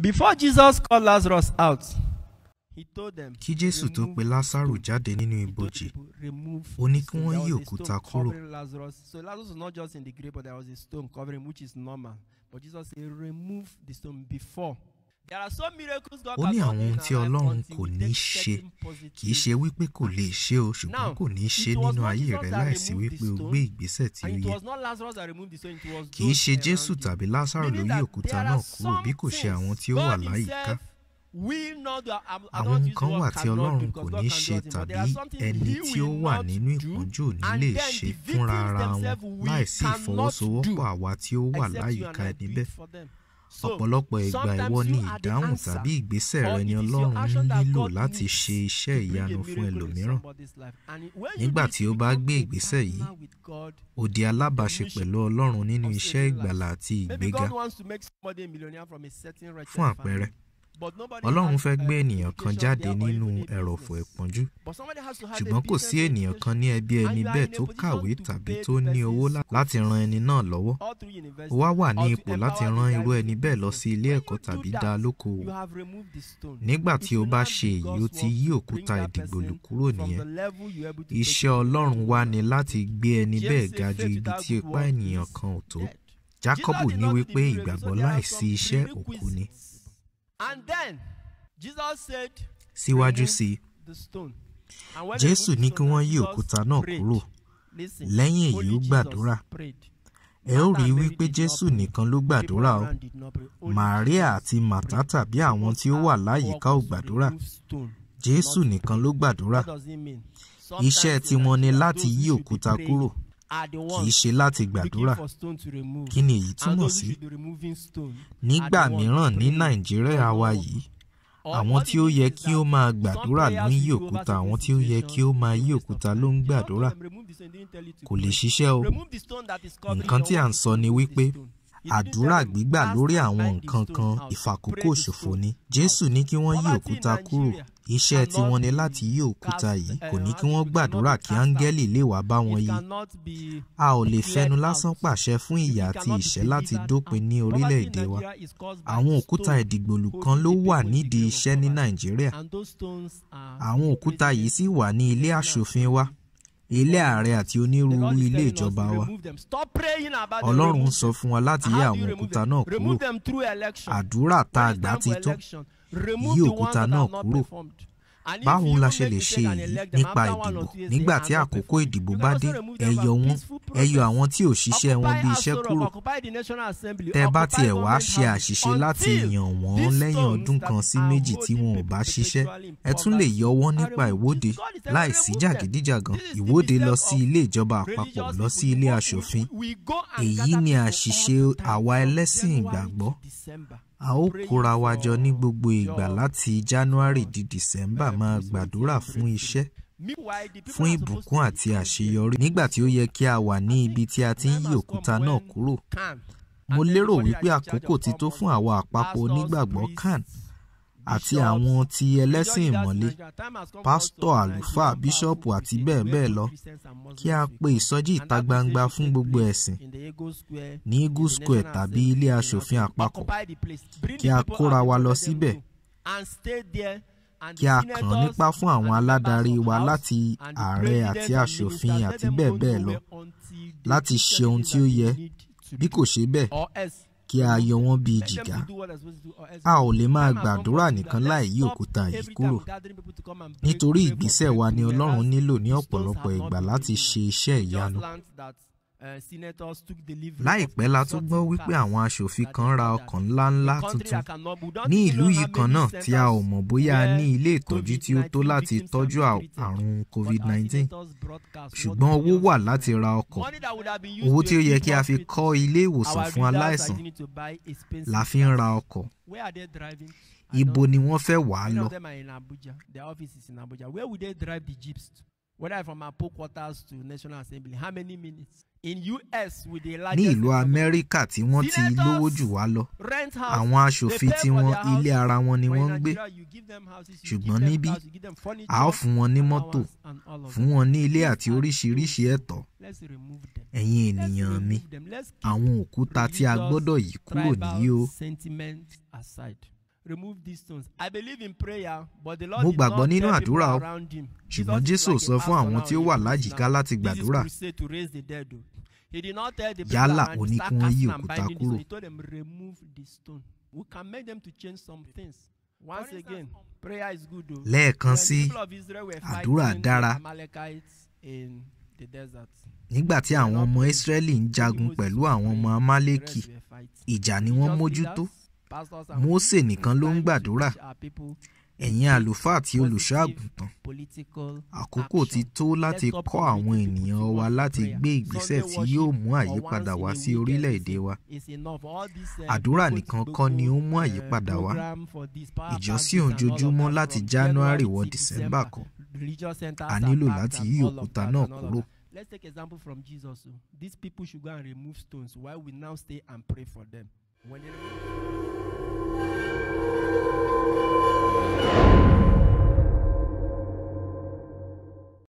Before Jesus called Lazarus out, he told them, kí Jésù tó pe Lásárù jáde nínú ibojì, ó ní kí wọ́n yí òkúta kúrò. So Lazarus was not just in the grave, but there was a stone covering, which is normal. But Jesus said, remove the stone before ó ní àwọn ohun tí ọlọ́run kò ní ṣe kì ṣe wípé kò lè ṣe o ṣùgbọ́n kò ní ṣe nínú ayé rẹ láìsí wípé o gbé ìgbésẹ̀ tí ó yẹ kì ṣe jésù tàbí lásàrò ló òkúta náà kúrò bí kò ṣe àwọn tí ó wà láyìíká àwọn nǹkan wà tí ọlọ́run kò ní ṣe tàbí ẹni tí ó wà nínú ìpọ́njú ò ní lè ṣe fúnra ara wọn láìsí ìfọwọ́sowọ́pọ̀ àwa tí ó wà láyìíká ẹni bẹ́ẹ̀ ọ̀pọ̀lọpọ̀ ìgbà ìwọ ni ìdáhùn tàbí ìgbésẹ̀ rẹ ni Ọlọ́run nílò láti ṣe iṣẹ́ ìyanu fún ẹlòmíràn. Nígbà tí o bá gbé ìgbésẹ̀ yìí, o di alábàáṣe pẹ̀lú Ọlọ́run nínú iṣẹ́ ìgbàlà àti ìgbéga. Fún àpẹẹrẹ, Ọlọ́run fẹ́ gbé uh, ènìyàn kan jáde nínú ẹ̀rọ̀fọ̀ ẹ̀pọ́njú ṣùgbọ́n kò sí ènìyàn kan ní ẹbí ẹni bẹ́ẹ̀ tó kàwé tàbí tó ní owó láti ran ẹni náà lọ́wọ́ ó wá wà ní ipò láti ran irú ẹni bẹ́ẹ̀ lọ sí ilé ẹ̀kọ́ tàbí dá lókòwò nígbà tí o bá ṣe èyí o ti yí òkúta ìdìgbòlù kúrò nìyẹn iṣẹ́ Ọlọ́run wá ni láti gbé ẹni bẹ́ẹ̀ ga ju ibi tí ipá ènìyàn kan ò tó Jákọ́bù ní wípé ìgbàgbọ́ láìsí iṣẹ́ òkú ni. And then Jesus said, síwájú sí i jésù ní kí wọ́n yí òkúta náà kúrò lẹ́yìn èyí ó gbàdúrà ẹ ó rí wípé jésù nìkan ló gbàdúrà o màríà àti màtá tàbí àwọn tí ó wà láyìíká ò gbàdúrà jésù nìkan ló gbàdúrà iṣẹ́ tiwọn ni láti yí òkúta kúrò kì í ṣe láti gbàdúrà kí ni èyí túmọ̀ sí nígbà mìíràn ní nàìjíríà wa yìí àwọn tí ó yẹ kí ó máa gbàdúrà ló ń yí òkúta àwọn tí ó yẹ kí ó máa yí òkúta ló ń gbàdúrà kò lè ṣiṣẹ́ o nǹkan tí à ń sọ ni wípé àdúrà gbígbà lórí àwọn nǹkan kan ìfàkókò ṣòfò ni jésù ní kí wọ́n yí òkúta kúrò Iṣẹ́ tiwọn ni láti yí òkúta yìí kò ní uh, kí wọ́n gbàdúrà kí áńgẹ́lì lè wá bá wọn yí. A ò lè fẹnu lásán pàṣẹ fún ìyà àti ìṣẹ́ láti dópin ní orílẹ̀-èdè wa. Àwọn òkúta ìdìgbòlù kan ló wà nídìí iṣẹ́ ní Nàìjíríà. Àwọn òkúta yìí sì wà ní ilé aṣòfin wa ilé ààrẹ àti onírúurú ilé ìjọba wa ọlọ́run ń sọ fún wa láti yẹ àwọn òkúta náà kúrò àdúrà tá a gbà ti tán yí òkúta náà kúrò báwo la ṣe lè ṣe èyí nípa ìdìbò nígbà tí àkókò ìdìbò bá dé ẹ yọ wọn ẹ yọ àwọn tí ò ṣiṣẹ́ wọn bí iṣẹ́ kúrò tẹ́ bá tiẹ̀ wá ṣe àṣìṣe láti yàn wọ́n lẹ́yìn ọdún kan sí méjì tí wọn ò bá ṣiṣẹ́ ẹ tún lè yọ wọ́n nípa ìwọ́de láìsí jàgídíjàgan ìwọ́de lọ sí ilé ìjọba àpapọ̀ lọ sí ilé aṣòfin èyí ni àṣìṣe àwa ẹlẹ́sìn ìgbàgbọ́ a ó kóra wa ní gbogbo ìgbà láti January di December máa gbàdúrà fún iṣẹ́ fún ìbùkún àti àṣeyọrí nígbà tí ó yẹ kí a wà ní ibi tí a ti ń yí òkúta náà kúrò mo lérò wípé àkókò ti tó fún àwa àpapọ̀ onígbàgbọ́ kan àti àwọn ti ẹlẹ́sìn ìmọ̀le pásítọ̀ àlùfáà bíṣọ̀pù àti bẹ́ẹ̀ bẹ́ẹ̀ lọ kí a pe ìsọjí ìta gbangba fún gbogbo ẹ̀sìn ní eagle square tàbí ilé aṣòfin àpapọ̀ kí a kóra wa lọ síbẹ̀ kí a kàn nípá fún àwọn aládarí wa láti ààrẹ àti aṣòfin àti bẹ́ẹ̀ bẹ́ẹ̀ lọ láti ṣe ohun tí ó yẹ bí kò ṣe bẹ́ẹ̀ kí a yọ wọ́n bí jìgá a ò lè máa gbàdúrà nìkan láì yí òkúta yìí kúrò nítorí ìgbésẹ̀ wa ni Ọlọ́run nílò ní ọ̀pọ̀lọpọ̀ ìgbà láti ṣe iṣẹ́ ìyanu. Eh, láìpẹ́ la tún gbọ́ wípé àwọn aṣòfin kan ra ọkọ̀ ńláńlá tuntun ní ìlú yìí kan náà tí a ò mọ̀ bóyá a ní ilé ìtọ́jú tí ó tó láti tọ́jú àrùn COVID-19 ṣùgbọ́n owó wà láti ra ọkọ̀ owó tí ó yẹ kí a fi kọ́ ilé ìwòsàn fún aláìsàn la fi ń ra ọkọ̀ ibo ni wọ́n fẹ́ wàá lọ. Whether from our poor quarters to National Assembly, how many minutes? ní ìlú amẹ́ríkà tí wọ́n ti lówó jù wá lọ àwọn aṣòfin tí wọ́n ilé ara wọn ni wọ́n ń gbé ṣùgbọ́n níbí a ó fún wọn ní mọ́tò fún wọn ní ilé àti oríṣiríṣi ẹ̀tọ́ ẹ̀yin ènìyàn mi àwọn òkúta tí a gbọ́dọ̀ yí kúrò nìyí o mo gbàgbọ́ nínú àdúrà o ṣùgbọ́n jésù sọ fún àwọn tí ó wà láyìíká láti gbàdúrà yálà ó ní kí wọ́n yí òkúta kúrò. lẹ́ẹ̀kan sí àdúrà dára nígbà tí àwọn ọmọ ìsírẹ́lì ń jagun pẹ̀lú àwọn ọmọ amálẹ́kì ìjà ni wọ́n mójútó. Mose nìkan ló ń gbàdúrà ẹ̀yin àlùfáà àti olùṣọ́àgùntàn àkókò ti tó láti kọ́ àwọn ènìyàn wa láti gbé ìgbésẹ̀ tí yóò mú uh, uh, àyípadà wá sí orílẹ̀-èdè wa àdúrà nìkan kọ́ ni ó mú àyípadà wá ìjọsìn ojoojúmọ́ láti January wọ December kọ́ a nílò láti yí òkúta náà kúrò. Let's take example from Jesus. These people should go and remove stones while we now stay and pray for them. When did it...